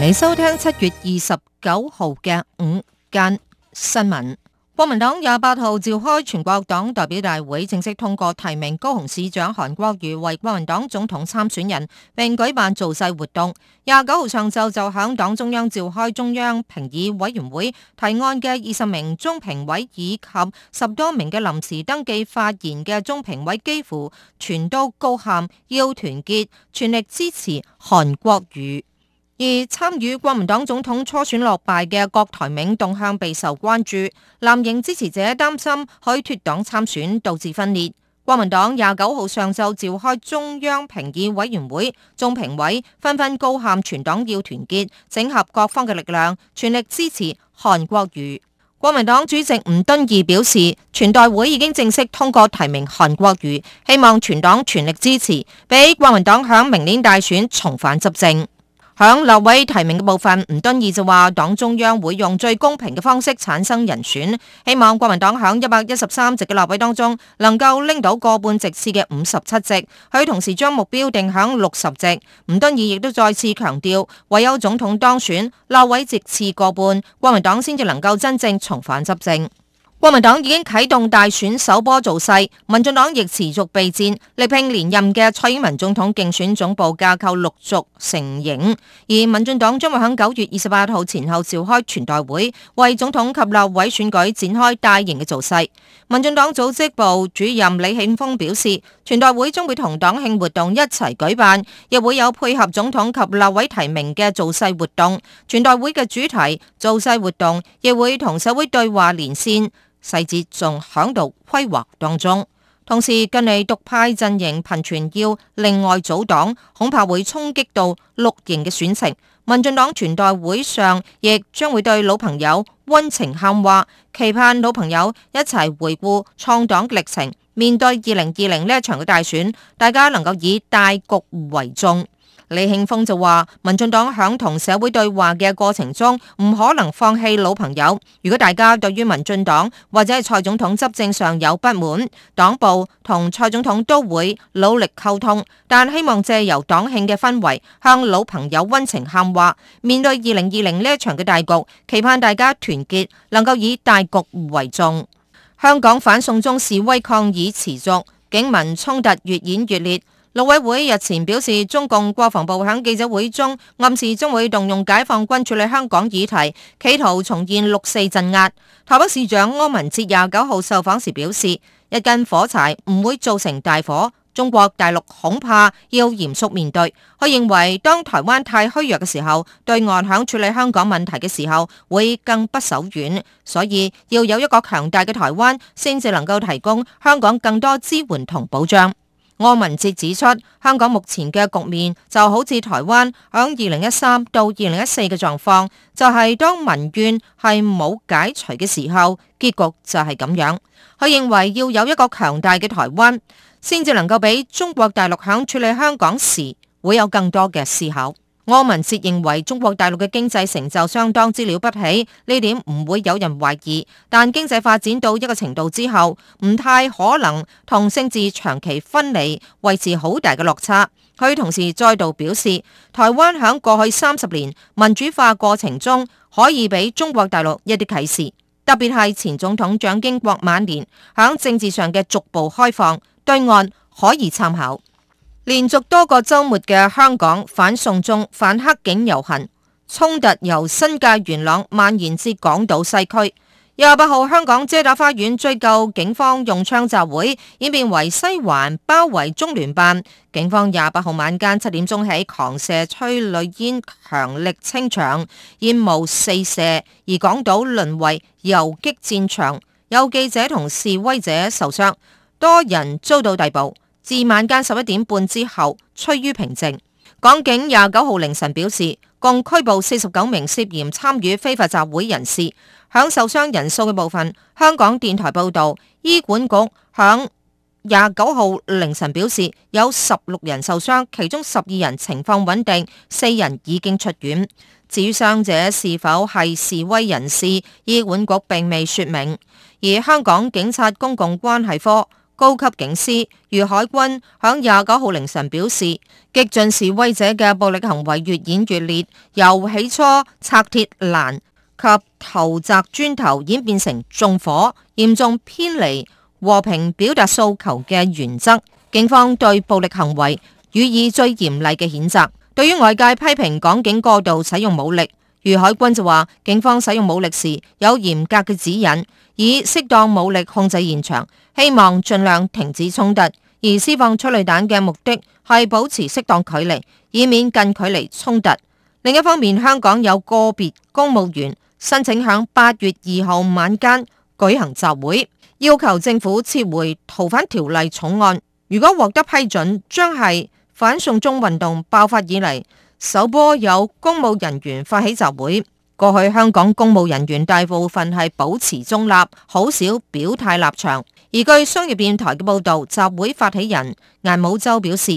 你收聽七月二十九號嘅午間新聞。國民黨廿八號召開全國黨代表大會，正式通過提名高雄市長韓國瑜為國民黨總統參選人，並舉辦造勢活動。廿九號上晝就響黨中央召開中央評議委員會，提案嘅二十名中評委以及十多名嘅臨時登記發言嘅中評委，幾乎全都高喊要團結，全力支持韓國瑜。而參與國民黨總統初選落敗嘅郭台銘動向備受關注，藍營支持者擔心佢脫黨參選導致分裂。國民黨廿九號上晝召開中央評議委員會，中評委紛紛高喊全黨要團結，整合各方嘅力量，全力支持韓國瑜。國民黨主席吳敦義表示，全代會已經正式通過提名韓國瑜，希望全黨全力支持，俾國民黨響明年大選重返執政。響立委提名嘅部分，吳敦義就話，黨中央會用最公平嘅方式產生人選，希望國民黨響一百一十三席嘅立委當中能夠拎到過半席次嘅五十七席，佢同時將目標定響六十席。吳敦義亦都再次強調，唯有總統當選，立委席次過半，國民黨先至能夠真正重返執政。國民黨已經啟動大選首波造勢，民進黨亦持續備戰，力拼連任嘅蔡英文總統競選總部架構陸續成形。而民進黨將會喺九月二十八號前後召開全代會，為總統及立委選舉展開大型嘅造勢。民進黨組織部主任李慶峰表示，全代會將會同黨慶活動一齊舉辦，亦會有配合總統及立委提名嘅造勢活動。全代會嘅主題造勢活動亦會同社會對話連線。細節仲響度規劃當中，同時近嚟獨派陣營頻傳要另外組黨，恐怕會衝擊到綠營嘅選情。民進黨全代會上亦將會對老朋友溫情喊話，期盼老朋友一齊回顧創黨歷程，面對二零二零呢一場嘅大選，大家能夠以大局為重。李慶峰就話：民進黨響同社會對話嘅過程中，唔可能放棄老朋友。如果大家對於民進黨或者係蔡總統執政上有不滿，黨部同蔡總統都會努力溝通，但希望借由黨慶嘅氛圍向老朋友温情喊話。面對二零二零呢一場嘅大局，期盼大家團結，能夠以大局為重。香港反送中示威抗議持續，警民衝突越演越烈。陸委會日前表示，中共國防部響記者會中暗示將會動用解放軍處理香港議題，企圖重現六四鎮壓。台北市長柯文哲廿九號受訪時表示，一根火柴唔會造成大火，中國大陸恐怕要嚴肅面對。佢認為，當台灣太虛弱嘅時候，對岸響處理香港問題嘅時候會更不手軟，所以要有一個強大嘅台灣，先至能夠提供香港更多支援同保障。柯文哲指出，香港目前嘅局面就好似台灣響二零一三到二零一四嘅狀況，就係當民怨係冇解除嘅時候，結局就係咁樣。佢認為要有一個強大嘅台灣，先至能夠俾中國大陸響處理香港時會有更多嘅思考。柯文哲認為中國大陸嘅經濟成就相當之了不起，呢點唔會有人懷疑。但經濟發展到一個程度之後，唔太可能同政治長期分離，維持好大嘅落差。佢同時再度表示，台灣響過去三十年民主化過程中，可以俾中國大陸一啲啟示，特別係前總統蔣經國晚年，響政治上嘅逐步開放，對岸可以參考。連續多個周末嘅香港反送中、反黑警遊行衝突由新界元朗蔓延至港島西區。廿八號香港遮打花園追究警方用槍集會演變為西環包圍中聯辦，警方廿八號晚間七點鐘起狂射催淚煙，強力清場，煙霧四射，而港島淪為游擊戰場，有記者同示威者受傷，多人遭到逮捕。至晚間十一點半之後趨於平靜。港警廿九號凌晨表示，共拘捕四十九名涉嫌參與非法集會人士。響受傷人數嘅部分，香港電台報道，醫管局響廿九號凌晨表示，有十六人受傷，其中十二人情況穩定，四人已經出院。至於傷者是否係示威人士，醫管局並未說明。而香港警察公共關係科。高級警司余海軍響廿九號凌晨表示，激進示威者嘅暴力行為越演越烈，由起初拆鐵欄及投擲磚頭演變成縱火，嚴重偏離和平表達訴求嘅原則。警方對暴力行為予以最嚴厲嘅譴責。對於外界批評港警過度使用武力，余海軍就話：警方使用武力時有嚴格嘅指引，以適當武力控制現場，希望盡量停止衝突。而施放催淚彈嘅目的係保持適當距離，以免近距離衝突。另一方面，香港有個別公務員申請響八月二號晚間舉行集會，要求政府撤回逃犯條例草案。如果獲得批准，將係反送中運動爆發以嚟。首波有公務人員發起集會。過去香港公務人員大部分係保持中立，好少表態立場。而據商業電台嘅報導，集會發起人顏武洲表示，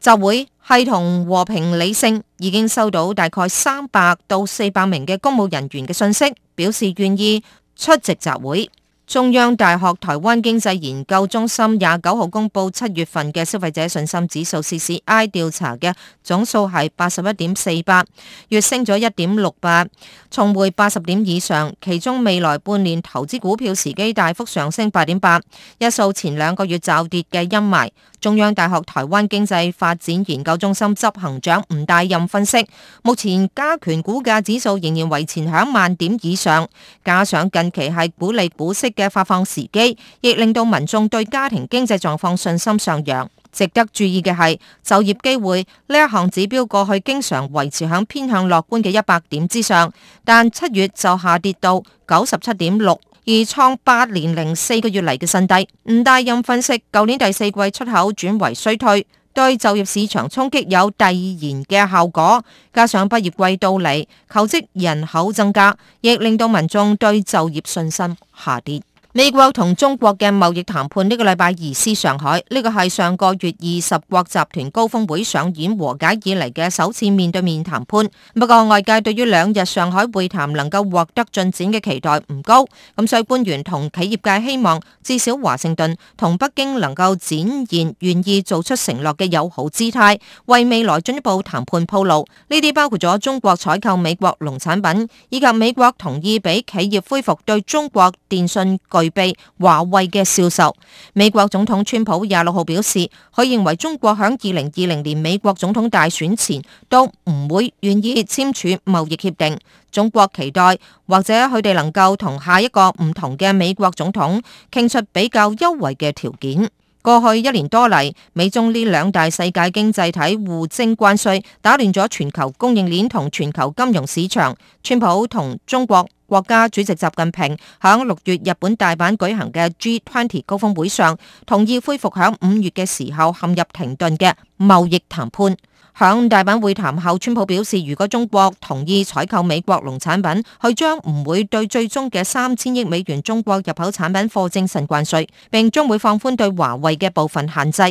集會係同和平理性。已經收到大概三百到四百名嘅公務人員嘅信息，表示願意出席集會。中央大學台灣經濟研究中心廿九號公布七月份嘅消費者信心指數，CSI 調查嘅總數係八十一點四八，月升咗一點六八，重回八十點以上。其中未來半年投資股票時機大幅上升八點八，一掃前兩個月驟跌嘅陰霾。中央大學台灣經濟發展研究中心執行長吳大任分析，目前加權股價指數仍然維持喺萬點以上，加上近期係股利股息嘅發放時機，亦令到民眾對家庭經濟狀況信心上揚。值得注意嘅係就業機會呢一項指標，過去經常維持喺偏向樂觀嘅一百點之上，但七月就下跌到九十七點六。而創八年零四個月嚟嘅新低。吳大任分析，舊年第四季出口轉為衰退，對就業市場衝擊有遞延嘅效果。加上畢業季到嚟，求職人口增加，亦令到民眾對就業信心下跌。美國同中國嘅貿易談判呢個禮拜移師上海，呢個係上個月二十國集團高峰會上演和解以嚟嘅首次面對面談判。不過外界對於兩日上海會談能夠獲得進展嘅期待唔高，咁所以官員同企業界希望至少華盛頓同北京能夠展現願意做出承諾嘅友好姿態，為未來進一步談判鋪路。呢啲包括咗中國採購美國農產品，以及美國同意俾企業恢復對中國電信巨備華為嘅銷售。美國總統川普廿六號表示，佢認為中國響二零二零年美國總統大選前都唔會願意簽署貿易協定。中國期待或者佢哋能夠同下一個唔同嘅美國總統傾出比較優惠嘅條件。過去一年多嚟，美中呢兩大世界經濟體互徵關稅，打亂咗全球供應鏈同全球金融市場。川普同中國國家主席習近平喺六月日本大阪舉行嘅 G20 高峰會上，同意恢復喺五月嘅時候陷入停頓嘅貿易談判。響大阪會談後，川普表示，如果中國同意採購美國農產品，佢將唔會對最終嘅三千億美元中國入口產品課徵新關稅，並將會放寬對華為嘅部分限制。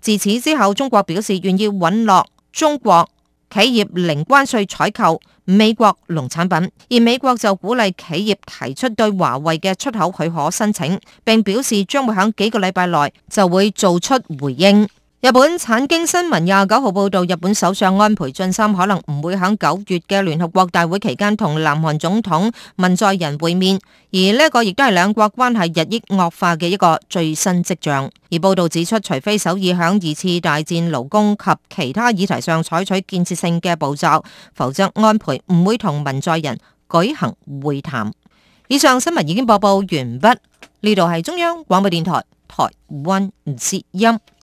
自此之後，中國表示願意穩落中國。企業零關稅採購美國農產品，而美國就鼓勵企業提出對華為嘅出口許可申請，並表示將會喺幾個禮拜內就會做出回應。日本產經新聞廿九號報道，日本首相安倍晉三可能唔會喺九月嘅聯合國大會期間同南韓總統文在寅會面，而呢個亦都係兩國關係日益惡化嘅一個最新跡象。而報道指出，除非首爾喺二次大戰勞工及其他議題上採取建設性嘅步驟，否則安倍唔會同文在寅舉行會談。以上新聞已經播報完畢，呢度係中央廣播電台台灣之音。